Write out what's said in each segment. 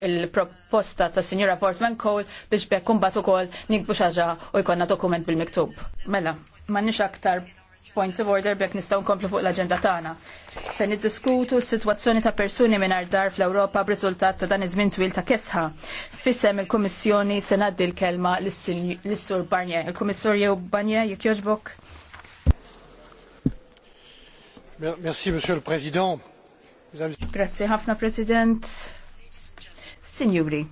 il-proposta ta' Signora Portman Cole biex bekkun bat ukoll nikbu xaġa u jkollna dokument bil-miktub. Mela, m'għandniex aktar points of order bekk nistgħu nkomplu fuq l agenda tagħna. Se niddiskutu s-sitwazzjoni ta' persuni mingħajr dar fl europa b'rizultat ta' dan iż-żmien twil ta' kesħa. Fissem il-Kummissjoni se ngħaddi l-kelma lis-Sur Barnier. Il-Kummissarju Barnier jek joġbok? Merci, Monsieur le Président. Grazie ħafna, President. Sinjuri,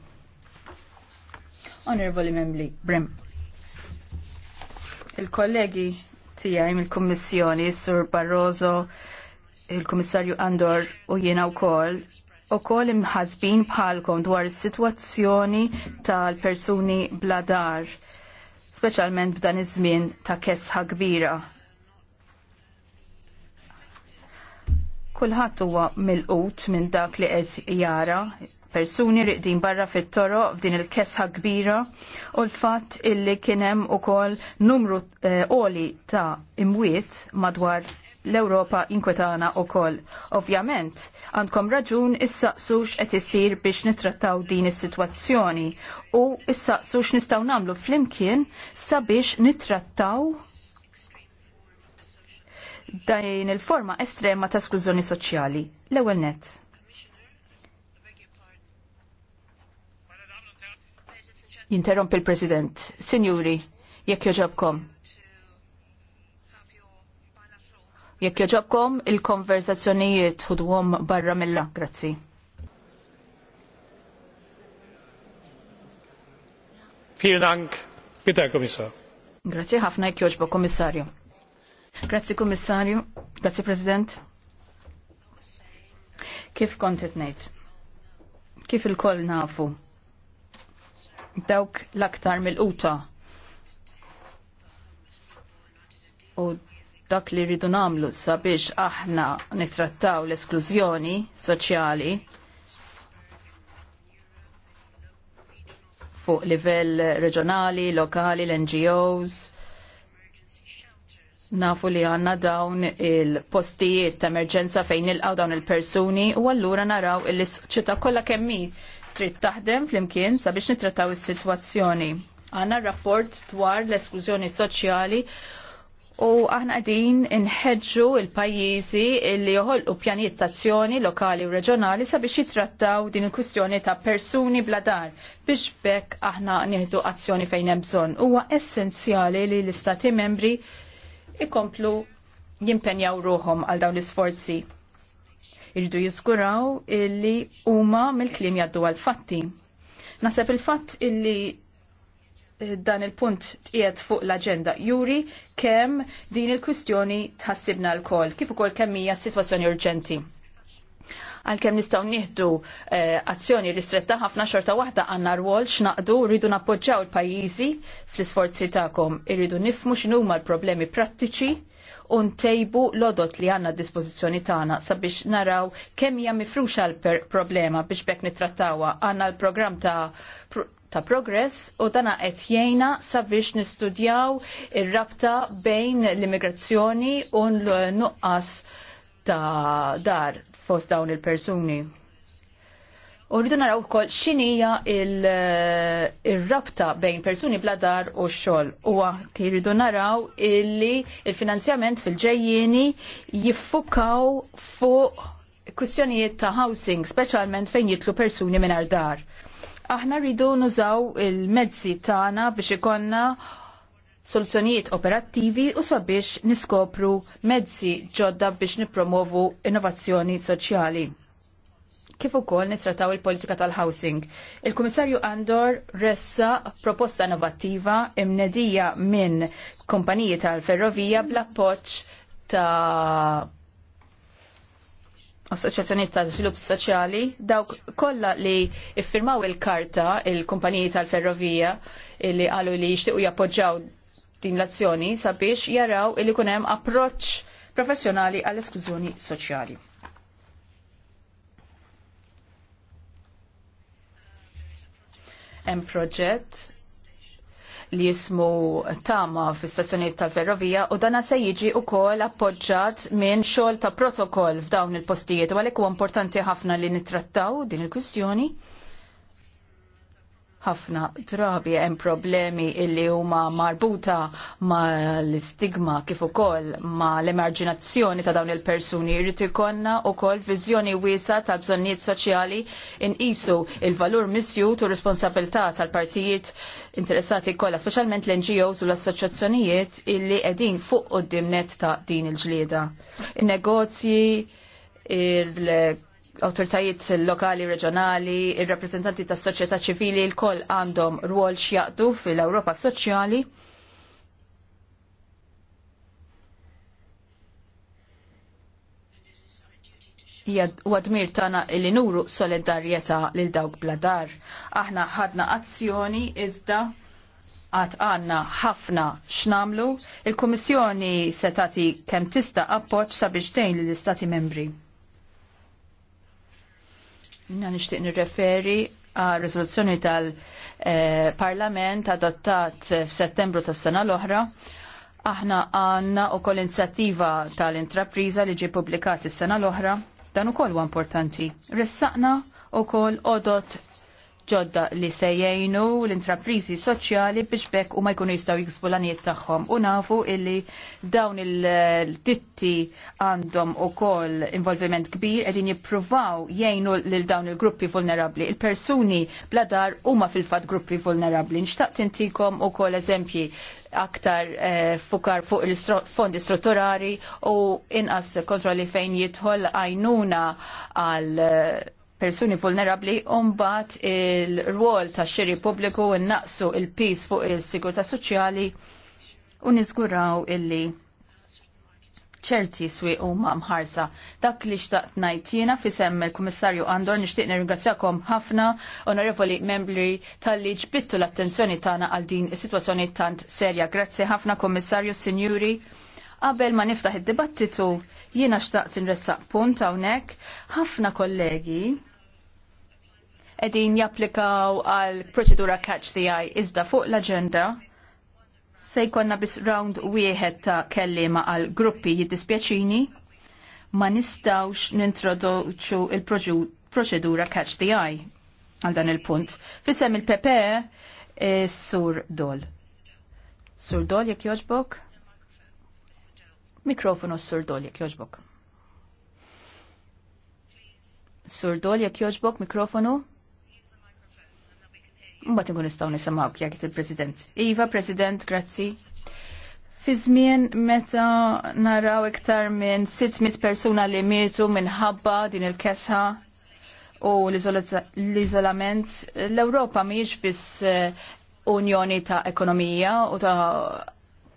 Onorevoli Membri, Brem, il-kollegi tijaj mill-Kommissjoni, Sur Barroso, il-Kommissarju Andor u jiena u kol, u kol imħazbin bħalkom dwar is-sitwazzjoni tal-persuni bladar, speċjalment f'dan iż-żmien ta' kesħa kbira. Kulħadd huwa mill minn dak li qed jara persuni riqdin barra fit-toro f'din il-kesħa kbira u l-fatt illi kienem u kol numru eh, oli ta' imwiet madwar l-Europa inkwetana u kol. Ovjament, għandkom raġun issaqsux qed isir biex nitrattaw din is-sitwazzjoni u issaqsux nistgħu nagħmlu flimkien sabiex nitrattaw dajn il-forma estrema ta' sklużjoni soċjali. L-ewwel net. Interromp il-President. Sinjuri, jekk joġobkom. Jekk joġobkom, il-konverzazzjonijiet hudwom barra mill-la. Grazzi. Vielen Dank, bitte Herr Kommissar. Grazie ħafna jekk joġbo, Kommissarju. Grazzi Kommissarju, grazzi President. Kif kont ngħid? Kif il-koll nafu? dawk l-aktar mill-quta. U dak li rridu namlu sabiex aħna nitrattaw l-esklużjoni soċjali fuq livell reġjonali, lokali, l-NGOs. Nafu li għanna dawn il-postijiet ta' emerġenza fejn il dawn il-persuni u għallura naraw il sċita kollha kemmi trid taħdem flimkien sabiex nitrattaw is-sitwazzjoni. Għandna rapport dwar l-esklużjoni soċjali u aħna qegħdin inħeġġu l-pajjiżi li joħolqu pjanijiet tazzjoni lokali u reġjonali sabiex jitrattaw din il-kwistjoni ta' persuni bla dar biex bekk aħna nieħdu azzjoni fejn hemm bżonn. Huwa essenzjali li l-istati membri ikomplu jimpenjaw ruhom għal dawn l-isforzi irridu jiskuraw illi huma mill-klim jaddu għal-fatti. Naseb il-fatt illi eh, dan il-punt qiegħed fuq l-aġenda juri kemm din il-kwistjoni tħassibna l-kol, kif ukoll kemm hija sitwazzjoni urġenti. Għalkemm nistgħu nieħdu eh, azzjoni ristretta ħafna xorta waħda għandna rwol x'naqdu rridu nappoġġaw il-pajjiżi fl-isforzi tagħkom, irridu nifmu x'inhuma l-problemi prattiċi u ntejbu l-odot li għanna dispożizzjoni tagħna sabiex naraw kemm hija mifruxa l-problema biex bekk nittrattawha għandna l-programm ta' ta' progress u dana qed jgħinna sabiex nistudjaw ir-rabta bejn l-immigrazzjoni u l-nuqqas ta' dar fost dawn il-persuni. U rridu naraw ukoll x'inhija il-rabta il eh, bejn persuni bla dar u xogħol. Huwa rridu naraw illi il-finanzjament fil-ġejjieni jiffukaw fuq kwistjonijiet ta' housing, speċjalment fejn jitlu persuni mingħajr dar. Aħna rridu nużaw il-mezzi tagħna biex ikonna soluzzjonijiet operattivi u sabiex niskopru mezzi ġodda biex nippromovu innovazzjoni soċjali kif ukoll nitrataw il-politika tal-housing. Il-Kummissarju Andor ressa proposta innovattiva imnedija minn kumpaniji tal-ferrovija bl-appoġġ ta' Assoċjazzjoni ta' Svilupp Soċjali, dawk kollha li iffirmaw il-karta il-kumpaniji tal-ferrovija li qalu li jixtiequ jappoġġjaw din l-azzjoni sabiex jaraw li kun hemm approċċ professjonali għall-esklużjoni soċjali. hemm proġett li jismu tama fi stazzjoniet tal-ferrovija u dana se jiġi u kol appoġġat minn xogħol ta' protokoll f'dawn il-postijiet u għalhekk huwa importanti ħafna li nittrattaw din il-kwistjoni ħafna drabi hemm problemi illi huma marbuta ma l-istigma kif ukoll ma l-emarġinazzjoni ta' dawn il-persuni. jrid ikollna wkoll viżjoni wiesa ta' bżonnijiet soċjali inqisu il-valur misjut u responsabilità tal-partijiet interessati kollha, speċjalment l-NGOs u l-assoċjazzjonijiet illi qegħdin fuq quddiem net ta' din il-ġlieda. In-negozji il autoritajiet lokali, reġjonali, il-rappresentanti tas soċjetà ċivili, l koll għandhom rwol xjaqdu fil-Ewropa soċjali. u għadmir tana li nuru solidarieta lil dawk bladar. Aħna ħadna azzjoni iżda għat għanna ħafna x'namlu, il-Kummissjoni se tagħti kemm tista' appoġġ sabiex tgħin lill-Istati Membri. Na nixtieq nirreferi għal riżoluzzjoni tal-Parlament adottat f'Settembru tas-sena l-oħra. Aħna għandna wkoll inizjattiva tal-intrapriża li ġie publikat is-sena l-oħra. Dan ukoll huwa importanti. Ressaqna wkoll odot ġodda li se jgħinu l-intraprizi soċjali biex bekk u ma jkunu jistaw jiksbu l-għaniet tagħhom. U nafu illi dawn il-titti għandhom u koll involviment kbir edin jippruvaw jgħinu lil dawn il-gruppi vulnerabli. Il-persuni bladar u ma fil-fat gruppi vulnerabli. Nxtaqt intikom u koll eżempji aktar eh, fukar fuq il-fondi strutturali u inqas kontrolli fejn jidħol għajnuna għal eh, persuni vulnerabli umbat il-rwol ta' xiri publiku naqsu il-pis fuq il-sigurta soċjali u nizguraw illi ċerti swi u mamħarsa. Dak li xtaqt najtina fi semm il-Kummissarju Andor nishtiqni ringrazzjakom ħafna onorevoli membri tal-li ġbittu l-attenzjoni tagħna għal din is-sitwazzjoni tant serja. Grazzi ħafna Kummissarju Sinjuri. Qabel ma niftaħ id-dibattitu, jiena xtaqt inressaq punt hawnhekk ħafna kollegi qegħdin japplikaw għal proċedura catch the eye iżda fuq l-aġenda se jkollna biss round wieħed ta' kellima għal gruppi jiddispjaċini ma nistawx nintroduċu il-proċedura catch the eye għal dan il-punt. Fisem il-PP e, sur dol. Sur dol jek joġbok? Mikrofonu s-sur Doljek, joġbok. Sur Doljek, joġbok, mikrofonu. Mbagħad inkun nistgħu kja jekk il-President. Iva, President, grazzi. Fi żmien meta naraw iktar minn 600 persuna li mietu minħabba din il-kesħa u l-iżolament, l-Ewropa mhijiex biss eh, unjoni ta' ekonomija u ta'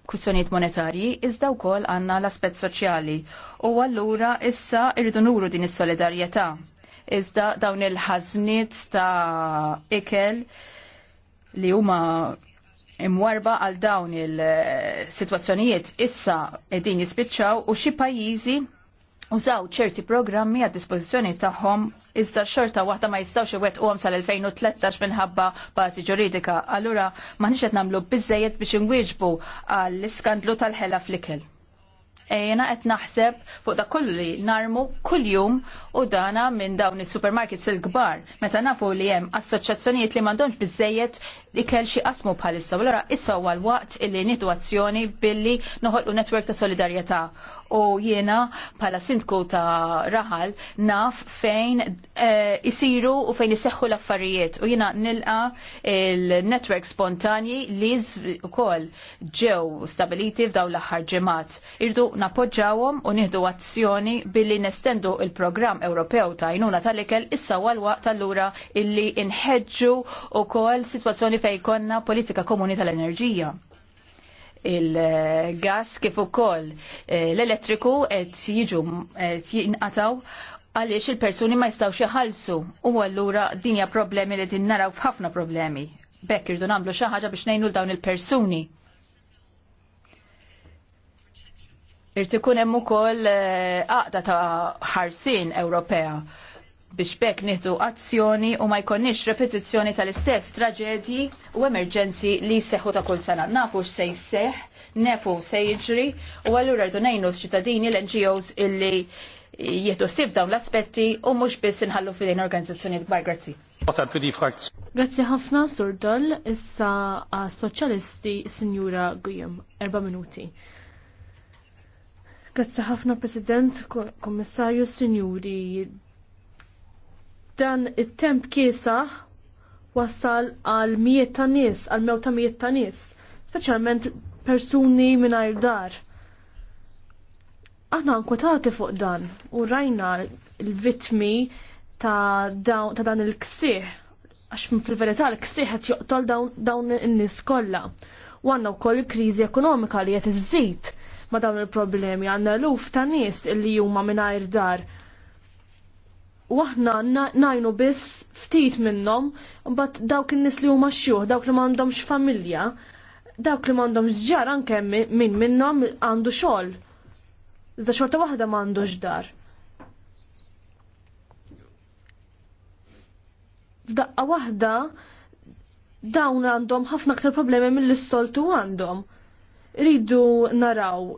Kussjonijiet monetarji, iżda wkoll għandna l-aspett soċjali. U allura issa irridu nuru din is-solidarjetà. Iżda dawn il-ħażniet ta' ikel li huma imwarba għal dawn il-sitwazzjonijiet eh, issa qegħdin jispiċċaw u xi pajjiżi użaw ċerti programmi għad dispożizzjoni tagħhom iżda xorta waħda ma jistawx iwettquhom sal-2013 minħabba bażi ġuridika. Allura maħniex qed nagħmlu biżejjed biex inwieġbu għall-iskandlu tal-ħela fl-ikel. Ejna qed naħseb fuq da kollu li narmu kuljum u dana minn dawn is-supermarkets il-kbar meta nafu li hemm assoċjazzjonijiet li m'għandhomx li ikel xi qasmu bħalissa. Allura issa għal waqt illi nitu billi noħolqu netwerk ta' solidarjetà u jiena bħala sindku ta' raħal naf fejn jisiru eh, isiru u fejn iseħħu l-affarijiet u jiena nilqa il-network spontanji li wkoll ġew stabiliti f'daw l-aħħar ġimgħat. Irdu napoġġawhom u nieħdu azzjoni billi nestendu il-programm Ewropew ta' jnuna tal-ikel issa waqt tal-lura illi inħeġġu u kol situazzjoni fejn konna politika komuni tal-enerġija il-gas kif ukoll eh, l-elettriku qed jiġu qed jinqataw għaliex il-persuni ma jistgħux jaħalsu u allura din hija problemi li din naraw f'ħafna problemi. Bekk irdu nagħmlu xi ħaġa biex ngħinu dawn il-persuni. Irtikun hemm ukoll eh, aqda ta' ħarsien Ewropea biex bekk nieħdu azzjoni u ma jkunniex repetizzjoni tal-istess traġedji u emerġenzi li seħħu ta' kull sena. Nafu x'se jseħħ, nefu se jiġri u allura rridu ngħinu ċittadini l-NGOs illi jieħdu sib dawn l-aspetti u mhux biss inħallu fidejn organizzazzjonijiet kbar grazzi. Grazzi ħafna Sur Doll, issa soċjalisti Sinjura Gujem, erba' minuti. Grazzi ħafna President, Kommissarju, Sinjuri, Dan it-temp kiesaħ wassal għal mijiet ta' nies, għal mew ta' mijiet ta' nies, speċjalment persuni mingħajr dar. Aħna nkwetati fuq dan u rajna l-vitmi ta', ta dan il-ksieħ għax fil-verità l-ksieħ qed joqtol dawn in-nies kollha. U għandna wkoll kriżi ekonomika li qed iżżid ma' dawn il-problemi għandna luf ta' nies illi huma mingħajr dar u aħna najnu biss ftit minnhom, bat dawk in-nies li huma xjuħ, dawk li m'għandhomx familja, dawk li m'għandhomx ġar anke min minnhom għandu xogħol. Iżda xorta waħda m'għandux dar. F'daqqa waħda dawn għandhom ħafna aktar problemi mill-istoltu għandhom. Ridu naraw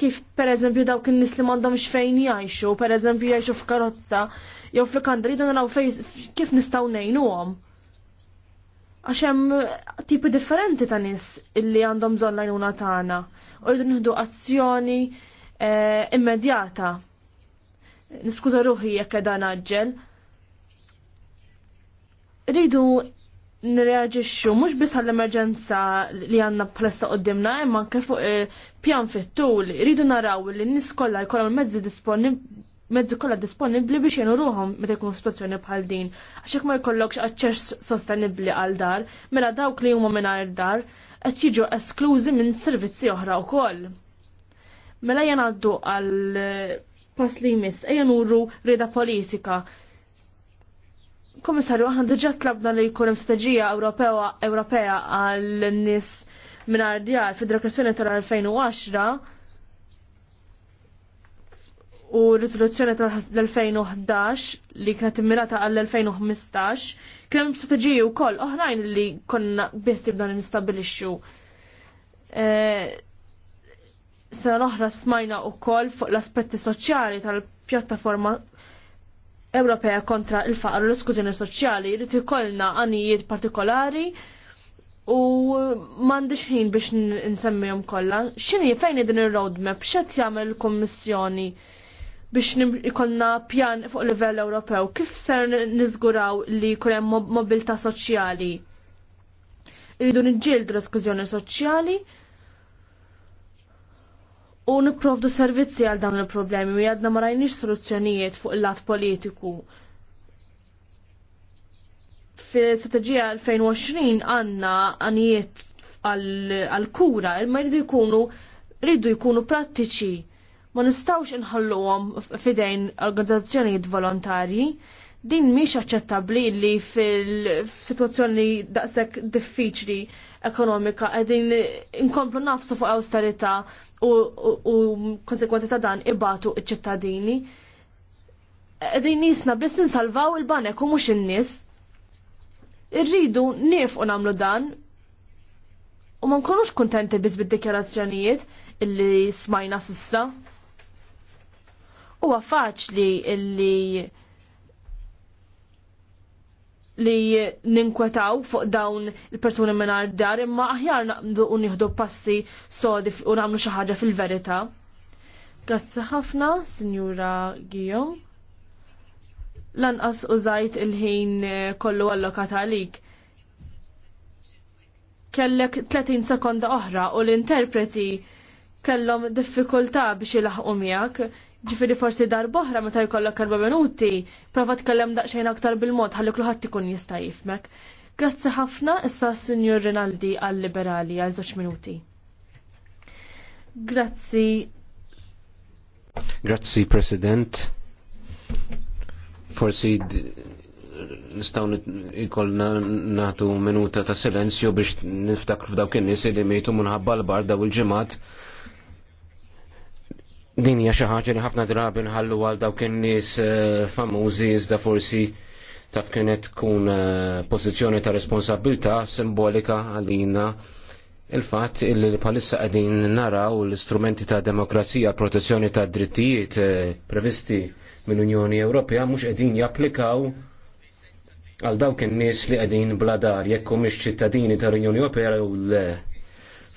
kif per eżempju dawk in-nies li m'għandhom xfejn jgħixu, per eżempju jgħixu f'karozza, jew fl-kandri naraw fej kif nistgħu ngħinuhom. Għax hemm tipi differenti ta' nies illi għandhom bżonn għajnuna tagħna. Urridu nieħdu azzjoni eh, immedjata. Niskuża ruħi jekk dan naġġel. Ridu nirreagġixxu mhux biss għall-emerġenza li għandna bħalissa qoddimna imma anke fuq eh, pjan fittu li rridu naraw li n-nies kollha jkollhom mezzi mezzu kollha disponibbli biex jenu ruħom meta tekun situazzjoni bħal din. Għax hekk ma jkollokx aċċess sostenibbli għal dar, mela dawk li huma mingħajr dar qed jiġu esklużi minn servizzi oħra wkoll. Mela jena għaddu għal eh, pass li jmiss, jenu rrida politika Komissarju, aħna diġà tlabna li jkun hemm strateġija Ewropea għal nies mingħajr djar fid-deklarazzjoni tal-2010 u r-riżoluzzjoni tal-2011 li kienet immirata għall-2015 kien hemm strateġiji wkoll oħrajn li konna biss b'dan nistabilixxu. E, sena l-oħra smajna wkoll fuq l-aspetti soċjali tal-pjattaforma Ewropea kontra il-faqar u l-eskużjoni soċjali jrid ikollna għanijiet partikolari u m'għandix ħin biex nsemmihom kollha. X'inhi fejn din ir-roadmap x'qed jagħmel il-Kummissjoni biex ikollna pjan fuq livell Ewropew kif ser niżguraw li jkun hemm mobilità soċjali. Iridu niġġieldu l-eskużjoni soċjali u nipprovdu servizzi għal dawn il-problemi u jadna ma rajniex soluzzjonijiet fuq il-lat politiku. Fil-strategija 2020 għanna għanijiet għal-kura, ma jridu jkunu rridu jkunu prattiċi. Ma nistawx għom fidejn organizzazzjonijiet volontarji Din mhix aċċettabbli li fil-sitwazzjoni daqshekk diffiċli ekonomika qegħdin inkomplu nafsu fuq austerità u, u, u konsekwenzi ta' dan ibatu iċ-ċittadini. Qegħdin nisna biss insalvaw il-banek u mhux in-nies. Irridu nifqu nagħmlu dan u ma nkunux kontenti biss bid-dikjarazzjonijiet illi smajna sissa. Huwa faċli illi li ninkwetaw fuq dawn il-persuni minar dar imma aħjar naqdu u nieħdu passi sodi u nagħmlu xi ħaġa fil-verità. Grazzi ħafna, Sinjura Gijom. Lanqas użajt il-ħin eh, kollu allokat għalik. Kellek 30 sekonda oħra u l-interpreti kellhom diffikultà biex ilaħqu miegħek Ġifiri forsi dar boħra meta jkollok erba' minuti, prova tkellem daqsxejn aktar bil-mod ħalli kulħadd ikun jista' jifmek. Grazzi ħafna issa Sinjur Rinaldi għal-Liberali għal żewġ minuti. Grazzi. Grazzi President. Forsi nistaw ikolna natu minuta ta' silenzju biex niftakru f'dawk in-nies li mejtu minħabba l-bar daw il-ġimgħat Din hija xi ħaġa li ħafna drabi nħallu għal dawk in-nies eh, famużi iżda forsi taf kienet tkun eh, pożizzjoni ta' responsabilità simbolika għalina il-fatt illi palissa qegħdin naraw l-istrumenti ta' demokrazija protezzjoni ta' drittijiet eh, previsti mill-Unjoni Ewropea mhux qegħdin japplikaw għal dawk in-nies li qegħdin bladar jekk mhux ċittadini tal-Unjoni Ewropea u le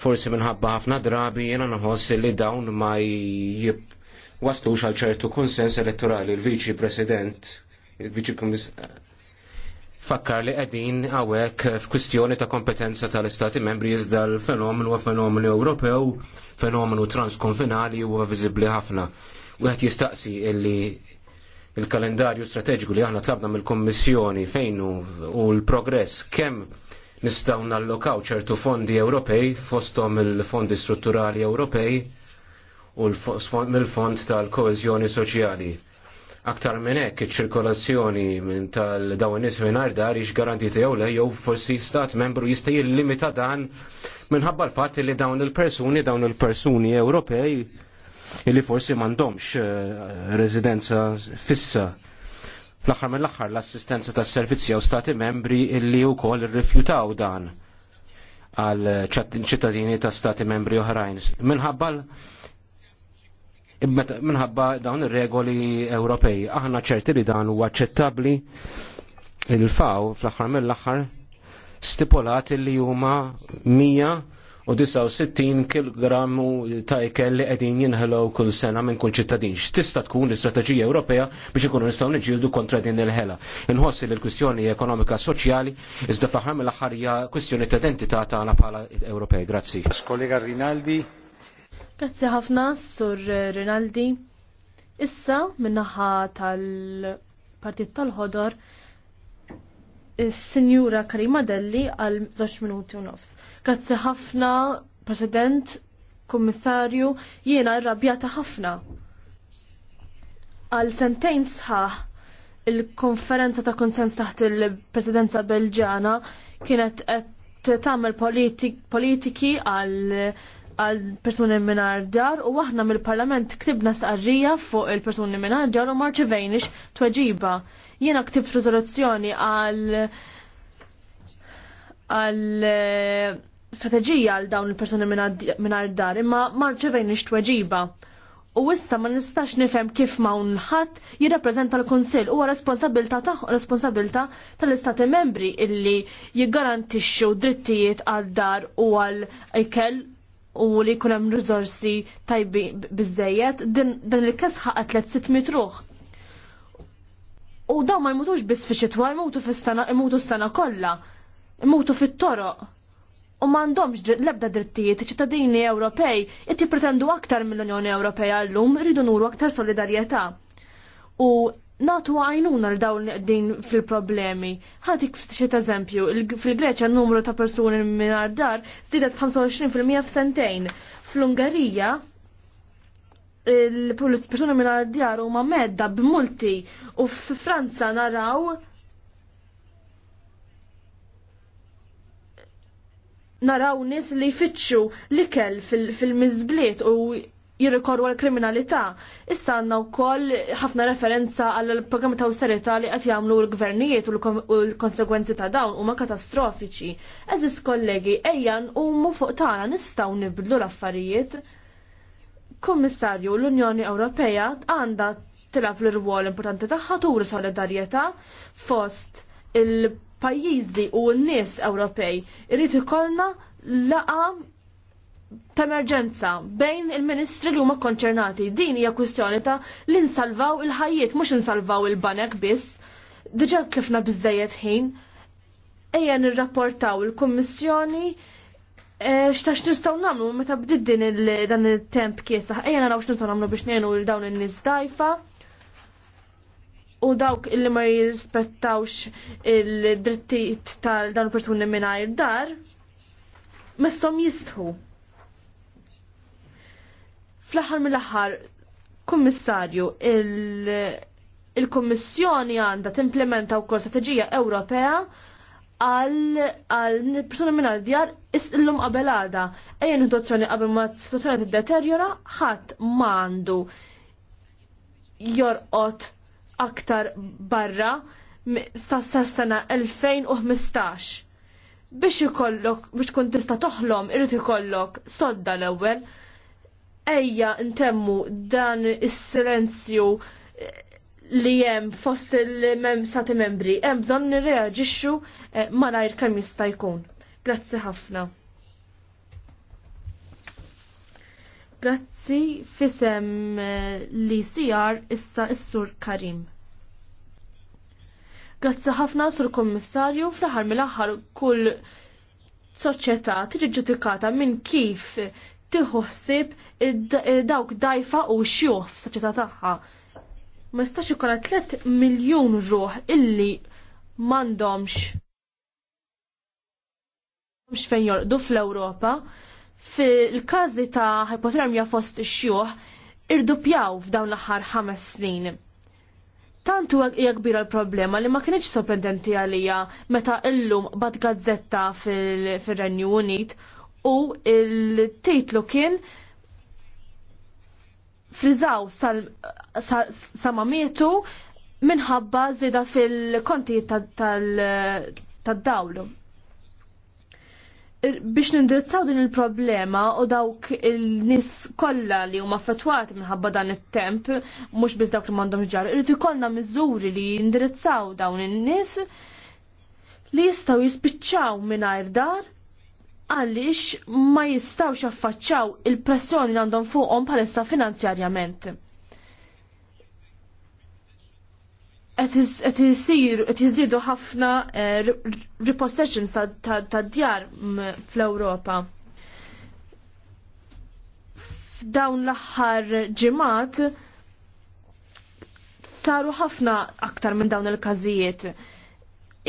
forsi minħabba ħafna drabi jena naħoss li dawn ma jib waslux għal ċertu konsens elettorali il-Viċi President, il-Viċi fakkar li qegħdin hawnhekk f'kwistjoni ta' kompetenza tal-Istati membri iżda l-fenomenu huwa fenomenu Ewropew, fenomenu transkonfinali huwa viżibbli ħafna. Wieħed jistaqsi illi il-kalendarju strateġiku li aħna tlabna mill-Kommissjoni fejn u l-progress kemm nistaw nallokaw ċertu fondi Ewropej fostom il-fondi strutturali Ewropej u mill-fond tal-koezjoni soċjali. Aktar minn hekk iċ-ċirkolazzjoni minn tal-dawn nies mingħajr dar hix garantiti jew le jew forsi stat membru jista' jillimita dan minħabba l-fatt li dawn il-persuni dawn il-persuni Ewropej illi forsi m'għandhomx eh, residenza fissa L-aħħar mill-aħħar l-assistenza tas servizzi jew stati membri illi wkoll irrifjutaw dan għal ċittadini ta' stati membri oħrajn. Minħabba minħabba dawn ir-regoli Ewropej. Aħna ċerti li dan huwa aċċettabbli il-faw fl-aħħar mill-aħħar stipulat li huma mija u 69 kg ta' ikel li qegħdin jinħelgħu kull sena minn kull ċittadin. Tista' tkun l-istrateġija Ewropea biex ikunu nistgħu niġġieldu kontra din il-ħela. Inħossi li l-kwistjoni ekonomika soċjali iżda faħam l-aħħarja kwistjoni ta' identità tagħna bħala Ewropej. Grazzi. Kollega Rinaldi. Grazzi ħafna, Sur Rinaldi. Issa minnaħa tal-Partit tal-Ħodor is-Sinjura Karima Delli għal 20 minuti u nofs. Grazzi ħafna, President, Kummissarju, jiena rrabjata ħafna. Għal sentejn sħaħ il-konferenza ta' konsens taħt il-Presidenza Belġana kienet qed tagħmel politiki għal għal persuni minar dar u aħna mill-parlament ktibna stqarrija fuq il-persuni minar dar u marċivejnix tweġiba. Jiena ktibt rizoluzzjoni għal għal strateġija għal dawn il-persuni mingħajr dar imma ma rċevejniex tweġiba. U issa ma nistax nifhem kif mawn ħadd jirrappreżenta l-Kunsill huwa responsabilità responsabilità tal-Istati membri illi jiggarantixxu drittijiet għal dar u għal ikel u li jkun hemm riżorsi tajbi biżejjed din il-każ ħaqat tliet sitt mitruħ. U dawn ma jmutux biss fi xitwa, jmutu fis-sena jmutu s-sena kollha, imutu fit-toroq u mandomx l-ebda drittijiet ċittadini Ewropej qed jippretendu aktar mill-Unjoni Ewropea llum rridu nuru aktar solidarjetà. U natu għajnuna l-dawn din fil-problemi. Ħatik xiet eżempju, fil-Greċja numru ta' persuni minn dar zidet 25% f'sentejn. Fl-Ungarija il-persuni minn u huma medda b'multi u f'Franza naraw naraw nis li jfittxu l-ikel fil-mizbliet u jirrikorru għal-kriminalità. Issa għanna u koll ħafna referenza għal-programmi ta' austerita li għat jamlu l-gvernijiet u l-konsegwenzi ta' dawn u ma' katastrofiċi. Eżis kollegi, ejjan u mu fuq tana nistaw nibdlu l-affarijiet. Kommissarju, l-Unjoni Ewropea għanda tilab l-rwol importanti tagħha turi solidarjetà fost il- pajjiżi u n-nies Ewropej. irid ikollna laqa ta' emerġenza bejn il-ministri li huma konċernati. Din hija kwistjoni ta' li nsalvaw il-ħajjiet, mhux insalvaw il-banek biss. Diġà tlifna biżejjed ħin. Ejja nirrapportaw il-Kummissjoni eh, x'tax nistgħu nagħmlu meta bdiddin dan it temp kiesaħ. Ejja naraw x'nistgħu nagħmlu biex ngħinu l dawn in-nies dajfa u dawk illi ma jirrispettawx il-drittijiet tal dan persuni mingħajr dar messom jistħu. Fl-aħħar mill-aħħar, kummissarju, il-Kummissjoni għandha timplementa wkoll strateġija Ewropea għal persuna minna djar illum qabelada. Ejja dozzjoni qabel ma situazzjoni t-deteriora, ħadd mandu jorqot aktar barra sas sena 2015 biex ikollok, biex tkun tista toħlom, irrit ikollok sodda l ewwel ejja ntemmu dan is-silenzju eh, li jem fost il-mem stati membri, jem bżon nirreagġixxu eh, malajr kemm jista' jkun. Grazzi ħafna. Grazzi fisem eh, li sijar issa s-sur Karim. Grazzi ħafna sur kommissarju fl-ħar mill-aħħar kull soċieta tiġi ġudikata minn kif tiħuħsib eh, dawk dajfa u xjuħ f-soċieta tagħha. Ma jistax ikun 3 miljun ruħ illi m'għandhomx mx fejn jorqdu fl-Ewropa fil-każi ta' hipotermja fost ix-xjuħ irdupjaw f'dawn l-aħħar ħames snin. Tantu hija kbira l-problema li ma kienx sorprendenti għalija meta illum bad gazzetta fil-Renju Unit u il-titlu kien frizaw samamietu minħabba zida fil-konti tad-dawlu biex nindirizzaw din il-problema u dawk il-nis kollha li huma affettwati minħabba dan it-temp, mhux biss dawk li m'għandhom ġar, irid ikollna miżuri li jindirizzaw dawn in-nies li jistgħu jispiċċaw mingħajr dar għaliex ma jistgħux affaċċaw il-pressjoni li għandhom fuqhom bħalissa finanzjarjament. qed isiru qed jiżdiedu ħafna eh, repossession tad-djar fl-Ewropa. F'dawn l-aħħar ġimgħat saru ħafna aktar minn dawn il-każijiet.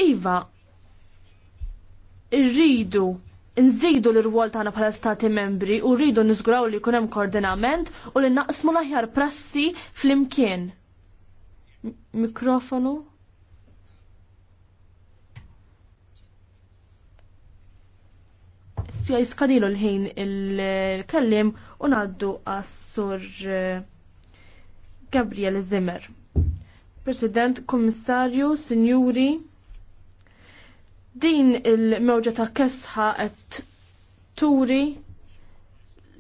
Iva, irridu nżidu l rwol tagħna bħala stati membri u rridu niżguraw li jkun hemm koordinament u li naqsmu l-aħjar prassi fl-imkien mikrofonu. Sija jiskadilu l-ħin il-kellim u għassur eh, Gabriel Zimmer. President, Komissarju, Sinjuri, din il-mewġa ta' kesħa qed turi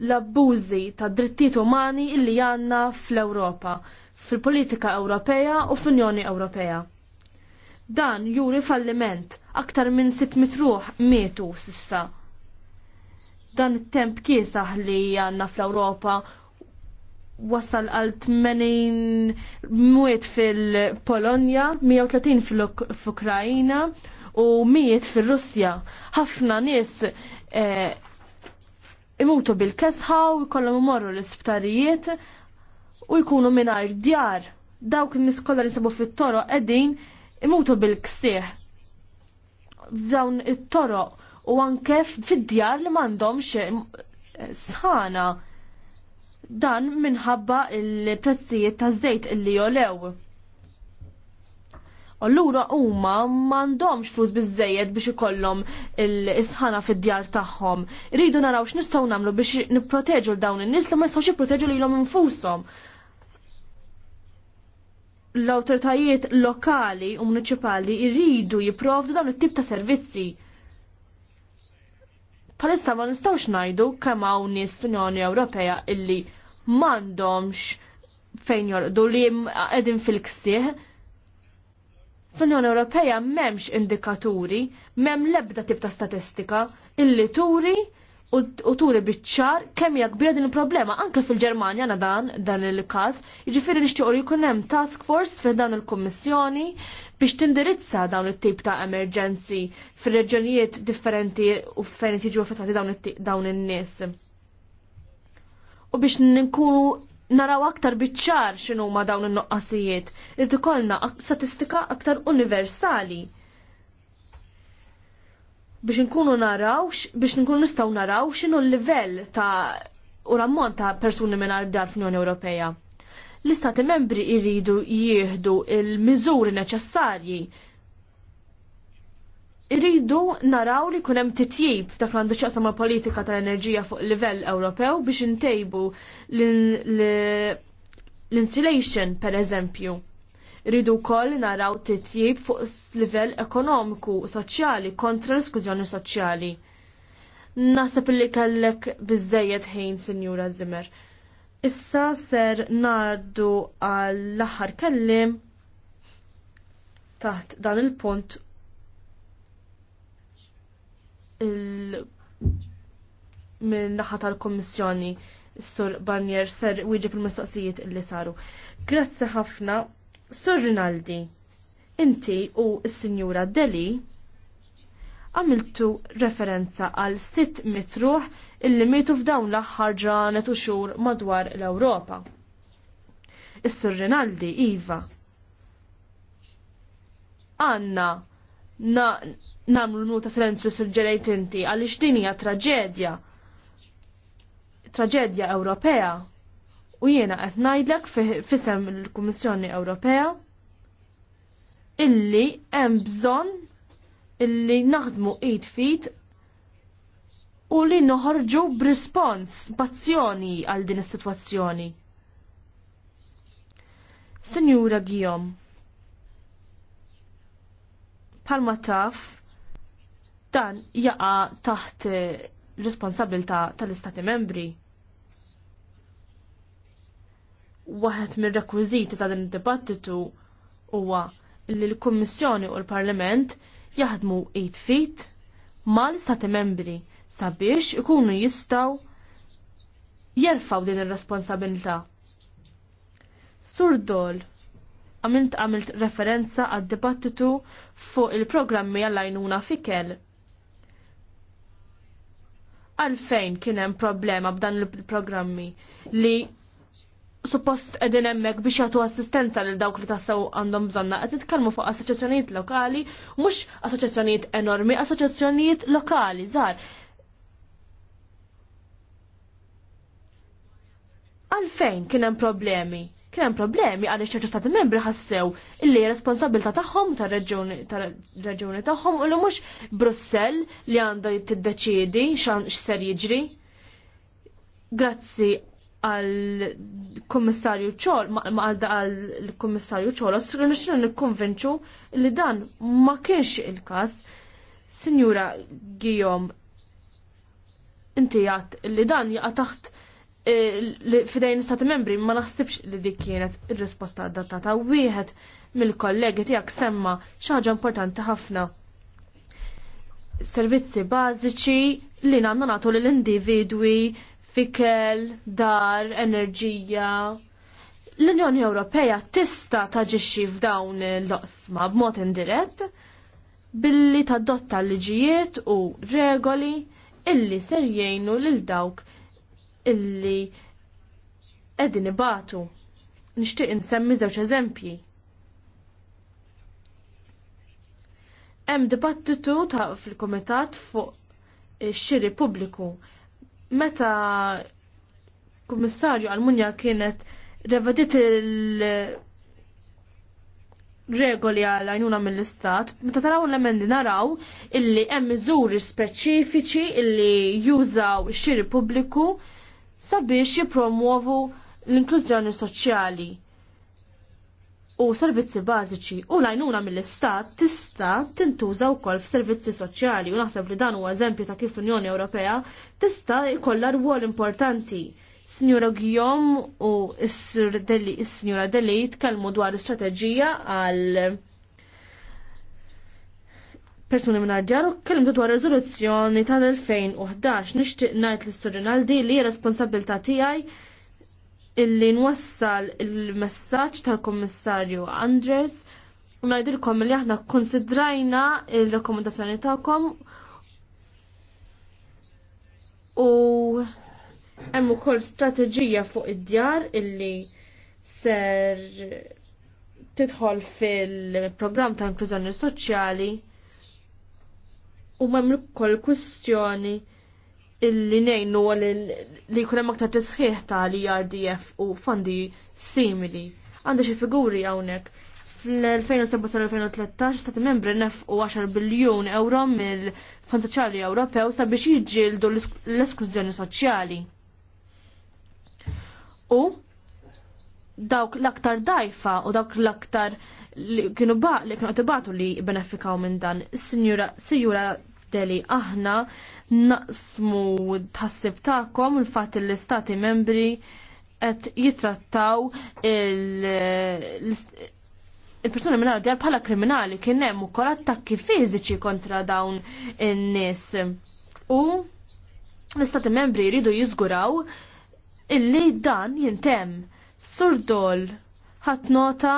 l-abbużi ta' drittijiet umani illi għandna fl-Ewropa fil-politika Ewropea u fl-Unjoni Ewropea. Dan juri falliment aktar minn 600 ruħ mietu sissa. Dan it-temp kiesaħ li għanna fl-Ewropa wasal għal 80 mwiet fil-Polonja, 130 fil-Ukrajina u 100 fil-Russja. Ħafna nies eh, imutu bil-kesħa u kollha imorru l-isptarijiet u jkunu minar djar. Dawk niskola li sabu fit-toro edin imutu bil-ksieħ. Dawn it-toro u anke fid-djar li mandomx eh, eh, sħana dan minħabba il-prezzijiet ta' żejt illi jolew. Allura huma m'għandhomx flus biżejjed biex ikollhom is isħana fid-djar tagħhom. Rridu naraw x'nistgħu nagħmlu biex nipproteġu l dawn in-nies li ma jistgħux jipproteġu lilhom infushom l-autoritajiet lokali u municipali irridu jiprovdu dawn it-tip ta' servizzi. Palissa ma nistawx najdu kemm hawn nies fl-Unjoni Ewropea illi m'għandhomx fejn jorqdu li qegħdin fil-ksieħ. Fl-Unjoni Ewropea m'hemmx indikaturi, m'hemm l-ebda tip ta' statistika illi turi u turi biċċar kemm hija kbira din il-problema anke fil-Ġermanja na dan dan il-każ, jiġifieri nixtiequ jkun hemm task force fil dan il-kummissjoni biex tindirizza dawn it-tip ta' emerġenzi fir-reġjonijiet differenti u fejn jiġu affettwati dawn in-nies. U biex ninkunu naraw aktar biċċar xinu ma dawn in-noqqasijiet, irid ikollna statistika aktar universali biex nkunu narawx, biex nkunu nistaw naraw x'inhu l-livell ta' u rammont ta' persuni mingħajr dar fl-Unjoni Ewropea. L-istati membri jridu jieħdu il-miżuri neċessarji Irridu naraw li kunem titjib dak għandu xaqsa ma' politika tal-enerġija fuq livell Ewropew biex intejbu l-insulation per eżempju. Ridu wkoll naraw titjib fuq livell ekonomiku, soċjali, kontra l-eskużjoni soċjali. Nasab li kellek bizzejet ħin, Sinjura Zimmer. Issa ser nardu għall-aħħar kellim taħt dan il-punt il minn naħa tal-Kommissjoni Sur Barnier ser wieġeb il-mistoqsijiet illi saru. Grazzi ħafna Sur Rinaldi, inti u s-Sinjura Deli għamiltu referenza għal sitt mitruħ illi mietu f'dawn l-aħħar ġranet u xhur madwar l-Ewropa. Is-Sur Rinaldi, Iva, għanna na, namlu nuta silenzju suġġerejt inti għaliex din hija traġedja. Traġedja Ewropea U jiena qed ngħidlek fisem il-Kummissjoni Ewropea illi hemm bżonn illi naħdmu id fit u li noħorġu b'rispons, b'azzjoni għal din is-sitwazzjoni. Sinjura Gijom, palma taf, dan jaqa taħt eh, responsabilta tal-Istati membri. Waħed mir-rekwiżiti ta' din id-dibattitu huwa li l-Kummissjoni u l-Parlament jaħdmu 8 feet mal-Stati membri sabiex ikunu jistaw jerfaw din ir-responsabilità. Sur Dol, għamilt għamilt referenza għad dibattitu fuq il-programmi għall-għajnuna fikel. Għalfejn kienem problema b'dan il-programmi li suppost edin emmek biex jagħtu assistenza lil dawk li tassew għandhom bżonna. Qed nitkellmu fuq assoċjazzjonijiet lokali, mhux assoċjazzjonijiet enormi, assoċjazzjonijiet lokali żgħar. Għalfejn kien hemm problemi? Kien hemm problemi għaliex ċertu stati membri ħassew illi responsabilità tagħhom tar-reġjuni tagħhom u li mhux Brussell li għandu tiddeċiedi x'ser jiġri. Grazzi għal-Kummissarju ċol, għal-Kummissarju ċol, għas-rinna nikkonvinċu li dan ma kienx il-kas. Sinjura Gijom, inti jgħat li dan jaqa taħt eh, fidejn stati membri ma naħsibx li dik kienet il-risposta u Wieħed mill-kollegi tiegħek semma xaġa importanti ħafna. Servizzi bażiċi li għandna nagħtu lill individwi fikel, dar, enerġija. L-Unjoni Ewropea tista taġixxi f'dawn l-osma b'mod indirett billi tadotta liġijiet u regoli illi ser jgħinu lil dawk illi qegħdin ibatu. Nixtieq insemmi żewġ eżempji. Hemm dibattitu ta' fil-Kumitat fuq ix-xiri pubbliku meta kummissarju għal-Munja kienet revedit il-regoli għal għajnuna mill-istat, meta taraw l-emendi naraw illi hemm miżuri speċifiċi illi jużaw xiri pubbliku sabiex jipromuovu l-inklużjoni soċjali u servizzi bażiċi u l-għajnuna mill-istat tista' tintuża wkoll f'servizzi soċjali u naħseb li dan huwa eżempju ta' kif l-Unjoni Ewropea tista' jkollha rwol importanti. Signora Gjom u s-Signora Deli tkellmu dwar istrateġija għal persuni minn ardjar u kellimtu dwar rezoluzzjoni tal-2011 nixtieq ngħid l-Istorinaldi li responsabilta tiegħi illi nwassal il-messaġġ tal-Kommissarju Andres u ngħidilkom li aħna konsidrajna il-rakkomandazzjoni tagħkom u hemm ukoll strateġija fuq id-djar illi ser tidħol fil-programm ta' inklużjoni soċjali u m'hemm ukoll kwistjoni illi nejnu li kunem aktar tisħiħ ta' li e RDF u fondi simili. Għandi xi figuri hawnhekk. Fl-2017-2013 stati membri nefqu 10 biljun euro mill-Fond Soċjali Ewropew sabiex jiġġieldu l-esklużjoni soċjali. U dawk l-aktar dajfa u dawk l-aktar li kienu baq li kienu tibatu li benefikaw minn dan. Sinjura deli aħna naqsmu tħassib tagħkom il-fatt li l-istati membri qed jitrattaw il-persuni minn għardja bħala kriminali kien hemm ukoll attakki fiżiċi kontra dawn in-nies. U l-istati membri jridu jiżguraw illi dan jintem. Surdol ħat nota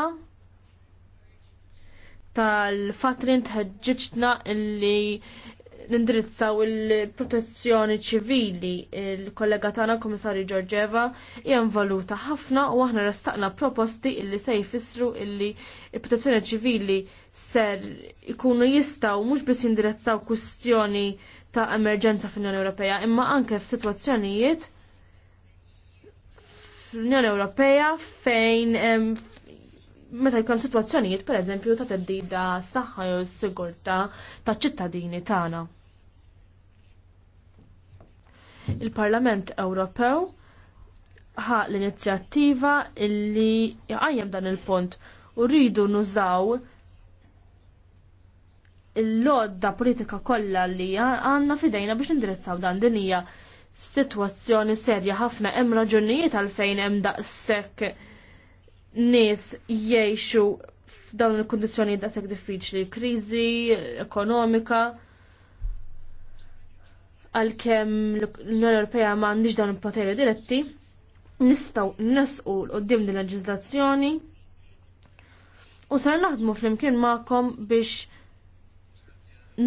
tal-fatrin tħedġiċna illi nindrizzaw il-protezzjoni ċivili. Il-kollega tagħna Komissarju Giorgeva hija involuta ħafna u aħna restaqna proposti illi se jfissru illi il-protezzjoni ċivili ser ikunu jistaw mhux biss jindirizzaw kwistjoni ta' emerġenza fl-Unjoni Ewropea, imma anke f'sitwazzjonijiet fl-Unjoni Ewropea fejn meta jkun sitwazzjonijiet pereżempju ta' teddida s-saħħa jew s-sigurtà taċ-ċittadini tagħna. Il-Parlament Ewropew ħa l-inizjattiva illi jgħajjem dan il-pont u rridu nużaw il-lodda politika kollha li għandna fidejna biex nindirizzaw dan din hija sitwazzjoni serja ħafna hemm raġunijiet għalfejn hemm daqshekk nies jgħixu f'dawn il kundizzjonijiet daqshekk diffiċli, kriżi ekonomika għalkemm l-Unjoni Ewropea għandix dawn il-poteri diretti, nistgħu nesqu l qoddim din leġiżlazzjoni u sar naħdmu flimkien magħkom biex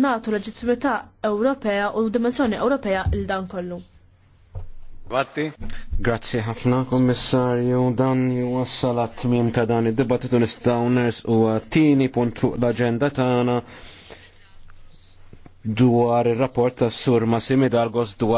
nagħtu leġittimità Ewropea u dimensjoni Ewropea il dan kollu. Batti. Grazzi ħafna kommissarju dan jwassal għat-tmim ta' dan id-dibattitu nistgħu ners u għattini punt fuq l-aġenda tagħna dwar ir rapport tas Sur Massimidalgos dwar